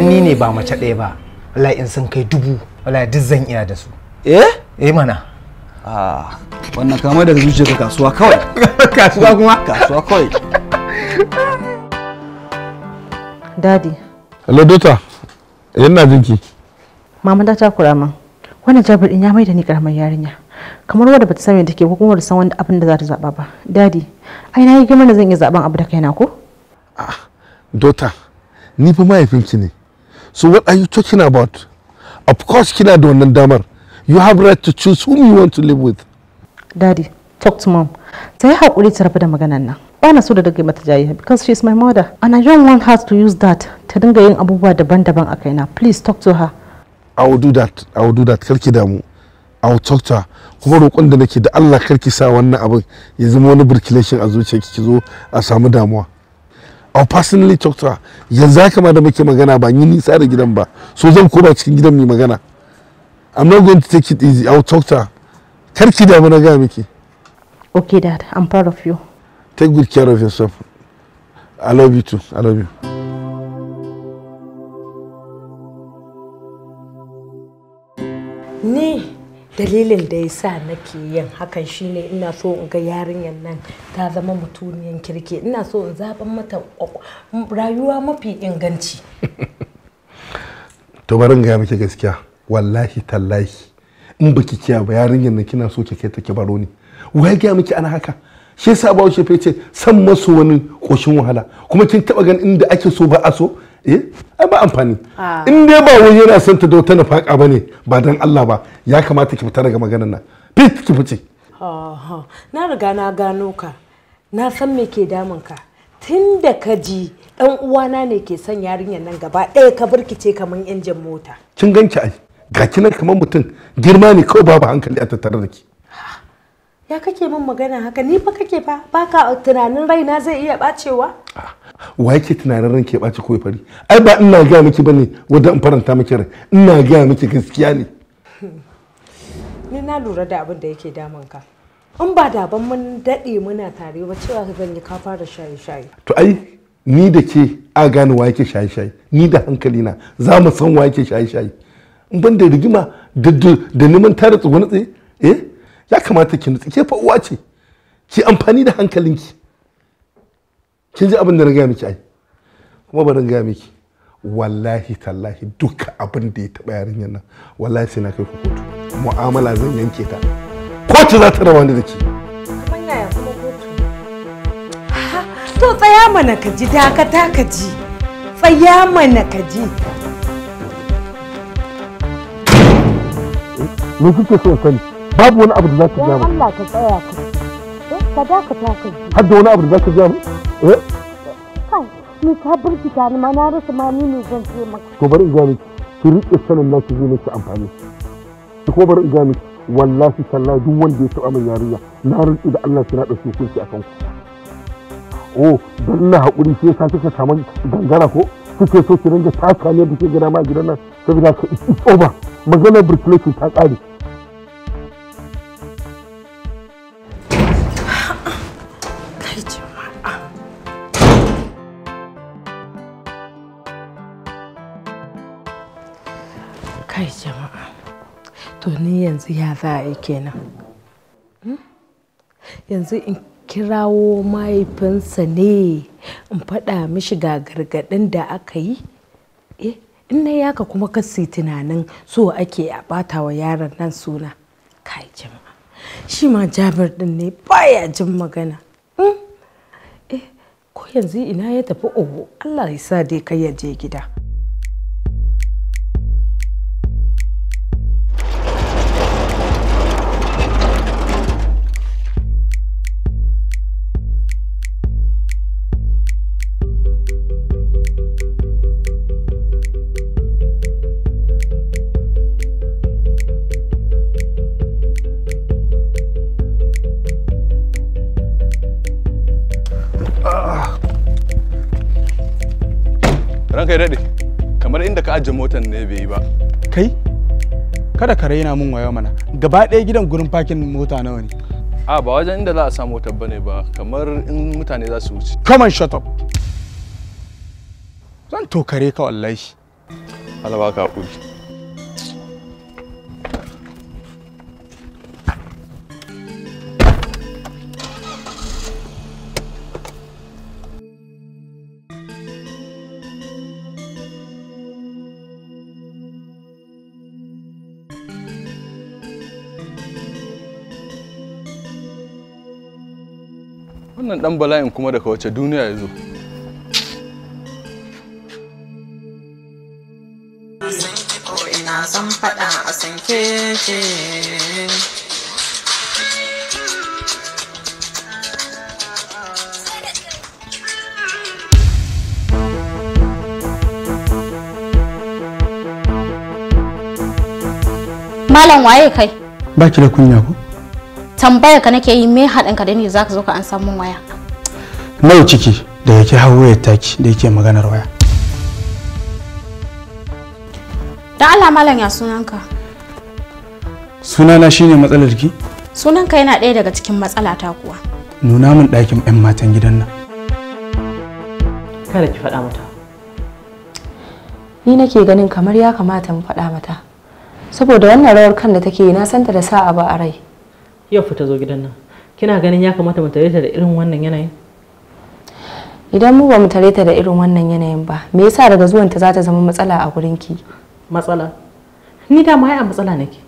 idan ni ne ba mace ɗaya ba wallahi in sun kai dubu wallahi duk zan iya da su eh eh mana ah wannan kama daga ka kasuwa kawai kasuwa kuma kasuwa kawai dadi hello dota jin jinki mama da ta kura min wannan jabir din ya mai da ni karamar yarinya kamar wadda bata san me take ko kuma bata san wanda abin da za ta zaba ba dadi ai na yi girman da zan yi zaben abu da kaina ko ah dota ni fa mahaifinki ne so what are you talking about of course kina da wannan damar you have right to choose whom you want to live with daddy talk to mom ta yi haƙuri ta rabu da maganan nan ba na so da daga mata jayi because she is my mother and I don't want her to use that ta dinga yin abubuwa daban-daban a kaina please talk to her I will do that I will do that ki damu I will talk to her kuma roƙon da nake da Allah ki sa wannan abin ya zama wani birkileshin a zuciyarki ki zo a samu damuwa I'll personally talk to her yanzu haka ma da muke magana ba ni nisa da gidan ba so zan koma cikin gidan mu magana i'm not going to take it easy i'll talk to her kar ki damu na ga miki okay dad i'm proud of you take good care of yourself i love you too i love you ni dalilin da ya sa nake yin hakan shine ina so in ga yarinyar nan ta zama mutuniyar kirki ina so in zaben mata rayuwa mafi inganci to bari ga miki gaskiya wallahi tallahi in baki kiya ba yarinyar nan kina so ki kai ta ki baro ni wai ga miki ana haka shi yasa ba shi ce san masu wani koshin wahala kuma kin taba ganin inda ake so ba a so eh ai ba amfani ah. in dai ba wani yana son ta dauta na nafaka bane ba dan Allah ba ya kamata ki fita daga maganar nan fit ki fice na riga na gano ka na san me ke damun ka tun da ka ji dan uwana ne ke son yarinyar nan gaba ɗaya ka birkice kamar injin mota kin ganki ai ga kinan kamar mutum girma ne kawai babu hankali a tattare da ki ya kake min magana haka ni fa kake fa baka tunanin raina zai iya bacewa ah. wa yake tunanin ranke ɓaci ko fari ai ba ina gaya miki bane wadda in faranta miki rai ina gaya miki gaskiya ne ni na lura da abin da yake damun ka in ba da ban mun daɗe muna tare ba cewa ka yi ka fara shaye shaye to ai ni da ke a gane wa yake shaye shaye ni da hankali na za mu san wa yake shaye shaye in ban da rigima da neman tare tsuguna tsaye eh ya kamata ki nutsi ke fa uwa ce ki amfani da hankalinki kin ji abin da na gaya miki ai kuma na gaya miki wallahi tallahi duka abin da ya taɓa yarinyar nan wallahi sai na kai ku kotu mu'amala zan yanke ta kotu za ta rawa ni da ke to tsaya mana ka ji dakata ka ji tsaya mana ka ji me kuke so sani babu wani abu da za ka ji Allah ka tsaya ka ka dakata ka ji har da wani abu da za ka ji Eh? kai ni ka ni ma na rasa ma ni ne zan ce maka to bari in ga miki ki rike sanin na ki zai miki amfani ki ko bari in ga miki wallahi tallahi duk wanda ya taba min yarinya na rantsi da Allah ki na dauki a akan ku oh dan na hakuri sai ka kika samu gangara ko kike so ki ringa taka ne da ke gida ma gidan nan saboda ka it's over maganar burkulation ta kare yanzu ya za a yi kenan hmm? yanzu in kirawo mahaifinsa ne in faɗa mishi ga gargaɗin da aka yi eh, in na yaka kuma kasi tunanin so ake a ɓata wa yaron nan suna kai jama'a shi ma jabir ɗin ne baya jin magana hmm? eh, ko yanzu ina ya tafi Owo allah ya sa dai kai ya je gida kai dade daɗe kamar inda ka ajiye motar ne bai yi ba kai kada ka raina min wayo mana gaba ɗaya gidan gurin fakin mota nawa ne a ba wajen inda za a sa motar bane ba kamar in mutane za su wuce come on shut up zan tokare ka wallahi Allah baka hakuri wannan dan bala'in kuma daga wace duniya ya zo Malam waye kai? Baki da kunya ko? tambaya ka nake yi me haɗin ka da ni zaka zo ka an samu waya nawa ciki da yake hawo ya taki da yake maganar waya dan Allah malam ya sunanka sunana shine matsalar ki sunanka yana ɗaya daga cikin matsala ta kuwa nuna min ɗakin 'yan matan gidan nan kada ki faɗa mata ni nake ganin kamar ya kamata mu faɗa mata saboda wannan rawar kan da take yi na santa da sa'a ba a rai yau fita zo gidan nan kina ganin ya kamata mu tare ta da irin wannan yanayin idan mu ba mu tare ta da irin wannan yanayin ba me yasa daga zuwan ta za ta zama matsala a gurin ki matsala ni da ma a matsala nake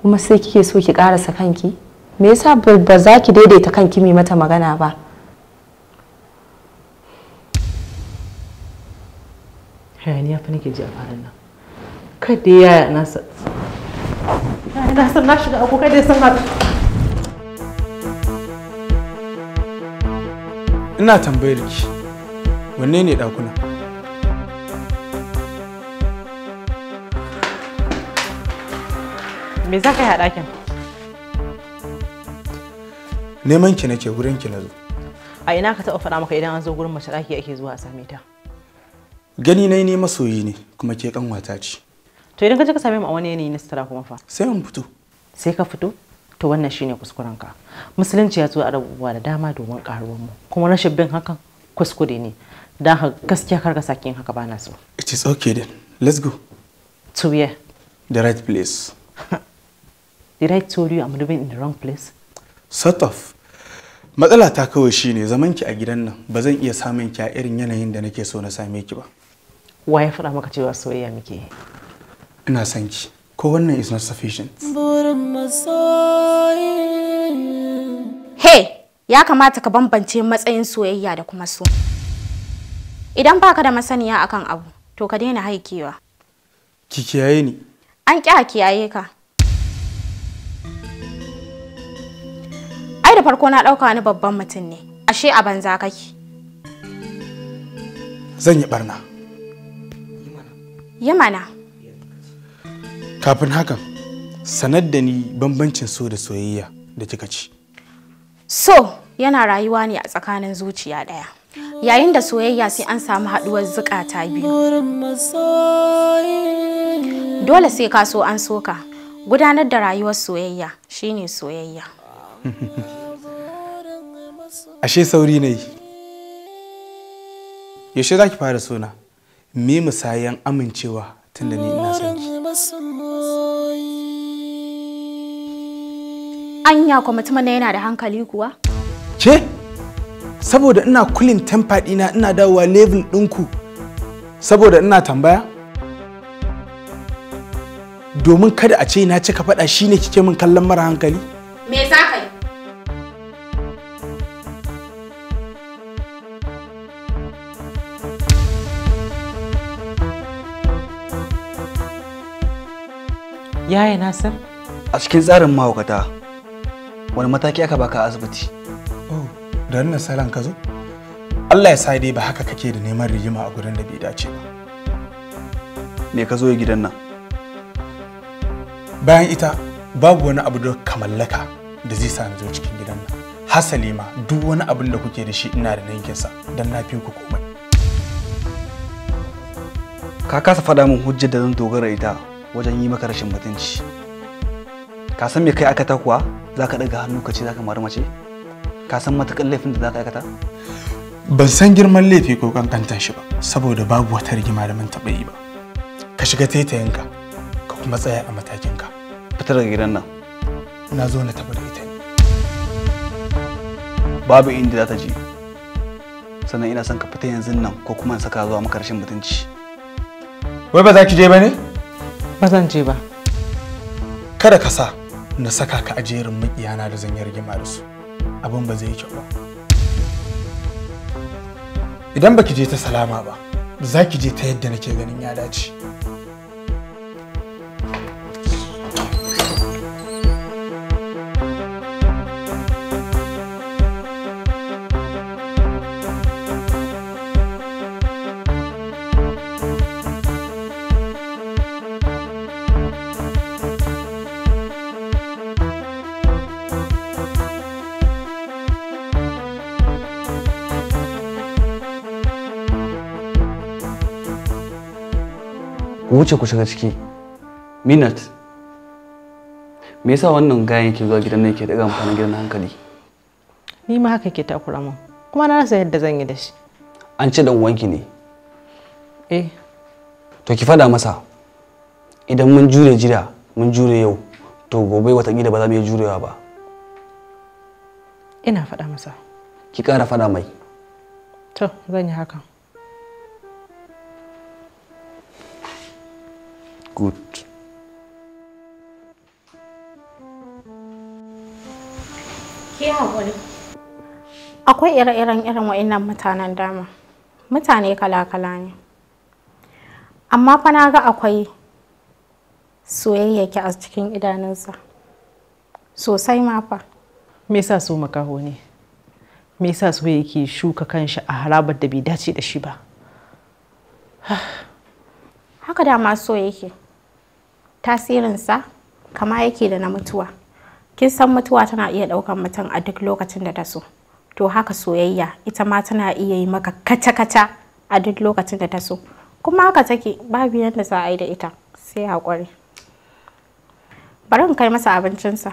kuma sai kike so ki karasa kanki me yasa ba za ki daidaita kanki mai mata magana ba ya fa nake ji a farin nan dai ya nasa na san na shiga uku, kai dai san ina tambayar ki wanne ne ɗakuna me za ka yi a ɗakin neman ki nake wurin ki na zo a ina ka taɓa faɗa maka idan an zo gurin mace ɗaki ake zuwa a same ta gani na ne masoyi ne kuma ke kanwata ce to idan ka je ka same mu a wani yanayi na sutura kuma fa sai mun fito sai ka fito to wannan shine kuskuren ka musulunci ya zo a rabuwa da dama domin karuwar mu kuma rashin bin hakan kuskure ne dan gaskiya kar ka sake haka bana so it is okay then let's go to where the right place did i told you i'm living in the wrong place sort of matsala ta kawai shine zaman ki a gidan nan ba zan iya samun ki a irin yanayin da nake so na same ki ba wa ya faɗa maka cewa soyayya muke ina son ki ko wannan is not sufficient hey ya kamata ka bambance matsayin soyayya da kuma so idan baka da masaniya akan abu to ka daina haikewa ki kiyaye ni an ƙi a kiyaye ka ai da farko na ɗauka wani babban mutum ne ashe a banza kake zan yi barna yi mana kafin hakan sanar da ni bambancin so da soyayya da kika ci so yana rayuwa ne a tsakanin zuciya ɗaya yayin da soyayya sai an samu haɗuwar zukata biyu dole sai ka so an soka gudanar da rayuwar soyayya shine soyayya ashe sauri na yaushe za ki fara sona me musayan amincewa tun ni ina son ki Anya mutum na yana da hankali kuwa? Ce? Saboda ina kulin temper ɗina ina dawowa level ɗinku. Saboda ina tambaya? Domin kada a ce na cika faɗa shine kike min kallon mara hankali? Me za ka yi? Yaya Nasir? A cikin tsarin mahaukata wani mataki aka baka a asibiti oh da na salan ka zo Allah ya sa dai ba haka kake da neman rigima a gurin da bai dace ba me ka zo gidan nan bayan ita babu wani abu da ka mallaka da zai sa ni zo cikin gidan nan hasali ma duk wani abin da kuke da shi ina da sa don na fi ku komai ka kasa faɗa min hujjar da zan dogara ita wajen yi maka rashin mutunci ka san me kai aka ta kuwa za ka hannu ka ce za ka mari mace ka san matakan laifin da za ka aikata ban san girman laifi ko kankantan shi ba saboda babu wata rigima da mun taɓa yi ba ka shiga taitayinka ka kuma tsaya a matakinka fita daga gidan nan na zo na taɓa da ita babu inda za ta je sannan ina son ka fita yanzu nan ko kuma in saka zuwa maka mutunci wai ba za ki je ba ne ba zan je ba kada ka sa na saka ka a jerin makiyana da zan yi rigima da su abin ba zai yi kyau ba idan baki je ta salama ba za ki je ta yadda nake ganin ya dace wuce ku shiga ciki minat me yasa wannan gayan yake zuwa gidan nan yake daga amfanin gidan hankali ni ma haka ke takura mun kuma na rasa yadda zan yi da shi an ce dan uwanki ne eh to ki fada masa idan mun jure jira mun jure yau to gobe watakila ba za mu yi jurewa ba ina fada masa ki kara fada mai to zan yi haka gut. Akwai ire-iren irin wa'innan mutanen dama. Mutane kala-kala ne. Amma fa na ga akwai soyayyaki a cikin idanunsa. Sosai ma fa. Me yasa so makaho ne? Me yasa so yake shuka kanshi a harabar da bai dace da shi ba? haka dama so yake tasirinsa kama yake da na mutuwa kin san mutuwa tana iya ɗaukan mutum a duk lokacin da ta so to haka soyayya ita ma tana iya yi maka kaca-kaca a duk lokacin da ta so kuma haka take babu yadda za a yi da ita sai haƙuri bari in kai masa abincinsa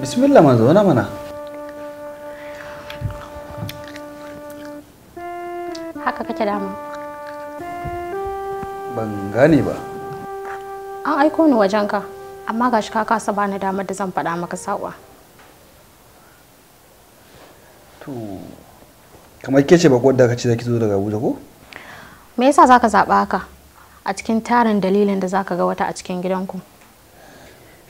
bismillah ma zauna mana haka kake dama ban gane ba an aiko ni wajenka amma gashi ka kasa bani damar da zan faɗa maka saƙwa to kamar ke ce bakwar da ka ce zaki zo daga abuja ko me yasa ka zaɓa haka a cikin tarin dalilin da ka ga wata a cikin gidanku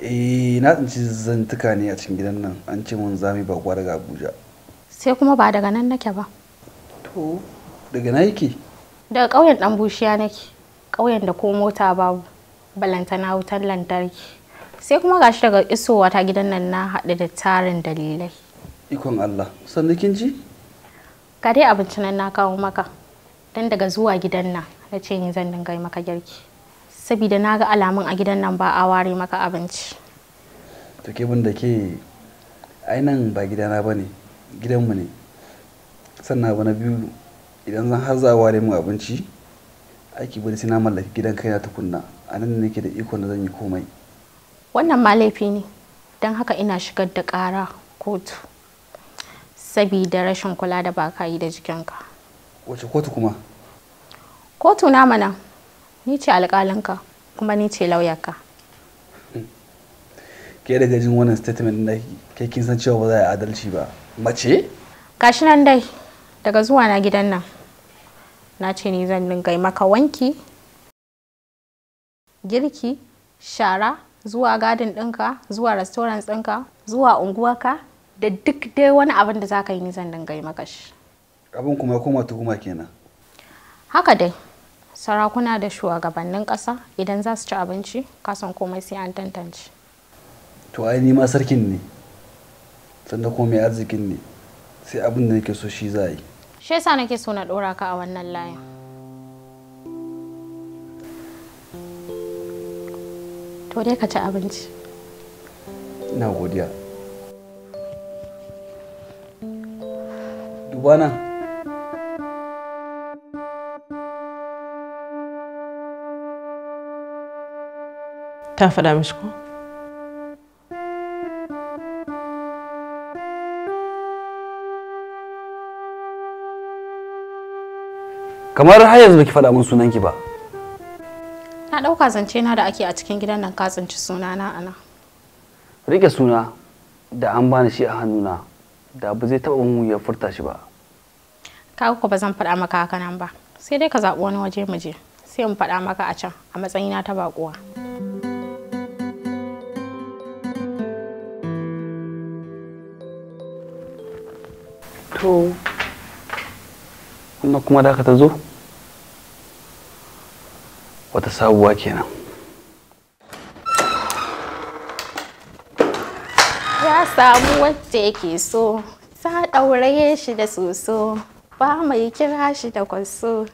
eh na tsinci zantuka ne a cikin gidan nan an ce mun zami ba daga abuja sai kuma ba daga nan nake ba to daga na yake daga ƙauyen dan bushiya nake ƙauyen da ko mota babu balantana wutar lantarki sai kuma gashi daga isowa ta gidan nan na haɗu da tarin dalilai ikon allah sannan kin ji ka dai abincin nan na kawo maka dan daga zuwa gidan nan na ce ni zan dinga maka girki sabida na ga alamun a gidan nan ba a ware maka abinci to ke da ke ainihin ba gidana ba ne gidanmu ne sannan abu na biyu idan zan har za a ware mu abinci aiki bari sai na mallaki gidan kaina tukunna a nan ne ke da ikon da zan yi komai wannan ma laifi ne don haka ina shigar da ƙara kotu sabida rashin kula da baka yi da jikinka wace kotu kuma kotu na mana ni ce alƙalinka kuma ni ce lauyarka ke daga jin wannan statement da ke kin san cewa ba za a adalci ba mace kashi nan dai daga zuwa na gidan nan na ce ni zan dinga maka wanki girki shara zuwa gadin ɗinka zuwa restaurant ɗinka zuwa unguwarka da duk dai wani abin da za ka yi ni zan dinga maka shi abin kuma ya koma tuhuma kenan haka dai sarakuna da shugabannin ƙasa idan za su ci abinci kasan komai sai an tantance to ai ni ma sarkin ne sannan kuma mai arzikin ne sai abin da nake so shi za yi shi yasa nake so na ɗora ka a wannan layin to dai ka ci abinci na godiya dubana ta faɗa mishi ko kamar har yanzu baki faɗa min sunanki ba na ɗauka zance na da ake a cikin gidan nan ka tsinci sunana a nan rike suna da an bani shi a hannuna da abu zai taɓa mu ya furta shi ba ka ku ba faɗa maka haka nan ba sai dai ka zaɓi wani waje mu je sai in faɗa maka a can a matsayina ta baƙuwa. to wannan kuma da ta zo wata sabuwa kenan ya samu wacce yake so ta ɗauraye shi da soso ba mai kira shi da kwaso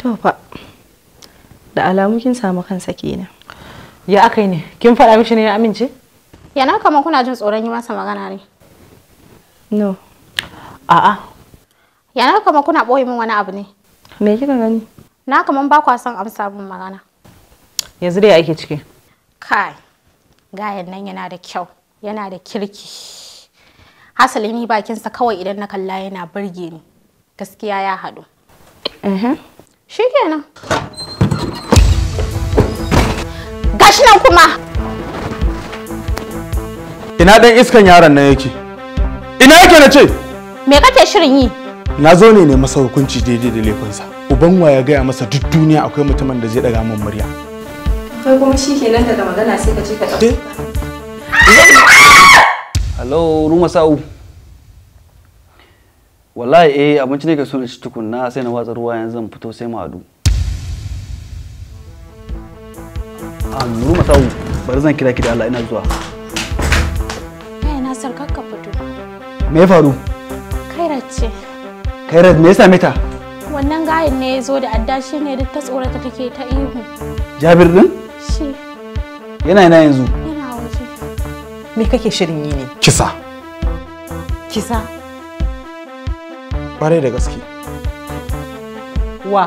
to fa da alamu kin samu kansa kenan ya aka yi ne kin faɗa mishi ne ya amince ya na kama kuna jin tsoron yi masa magana ne no a'a ya na kama kuna ɓoye min wani abu ne me kika gani na kama ba kwa son amsa min magana yanzu dai ake ciki kai gayan nan yana da kyau yana da kirki hasali ni bakinsa kawai idan na kalla yana burge ni gaskiya ya haɗu shi kenan gashi nan kuma ina dan iskan yaron nan yake ina yake na ce me kake shirin yi na zo ne ne masa hukunci daidai da laifinsa uban ya gaya masa duk duniya akwai mutumin da zai daga min murya kai kuma shi kenan daga magana sai ka ce ka ɗauka hello ruma sa'u wallahi eh abinci ne ka so na ci tukunna sai na watsa ruwa yanzu zan fito sai mu haɗu a nuru masawu bari zan kira ki da Allah ina zuwa kai na sarkar ka fito me ya faru kairat ce kairat me ya same ta wannan gayin ne ya zo da adda shi ne duk ta tsorata take ta ihu jabir din shi yana yana yanzu yana waje me kake shirin yi ne kisa kisa ƙwarai da gaske wa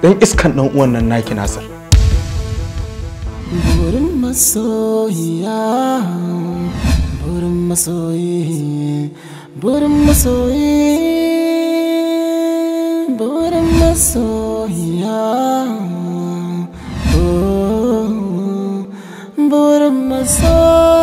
dan iskan ɗan uwan nan naki nasir masoyiya burin masoyi burin masoyi burin masoyiya oh, burin masoyi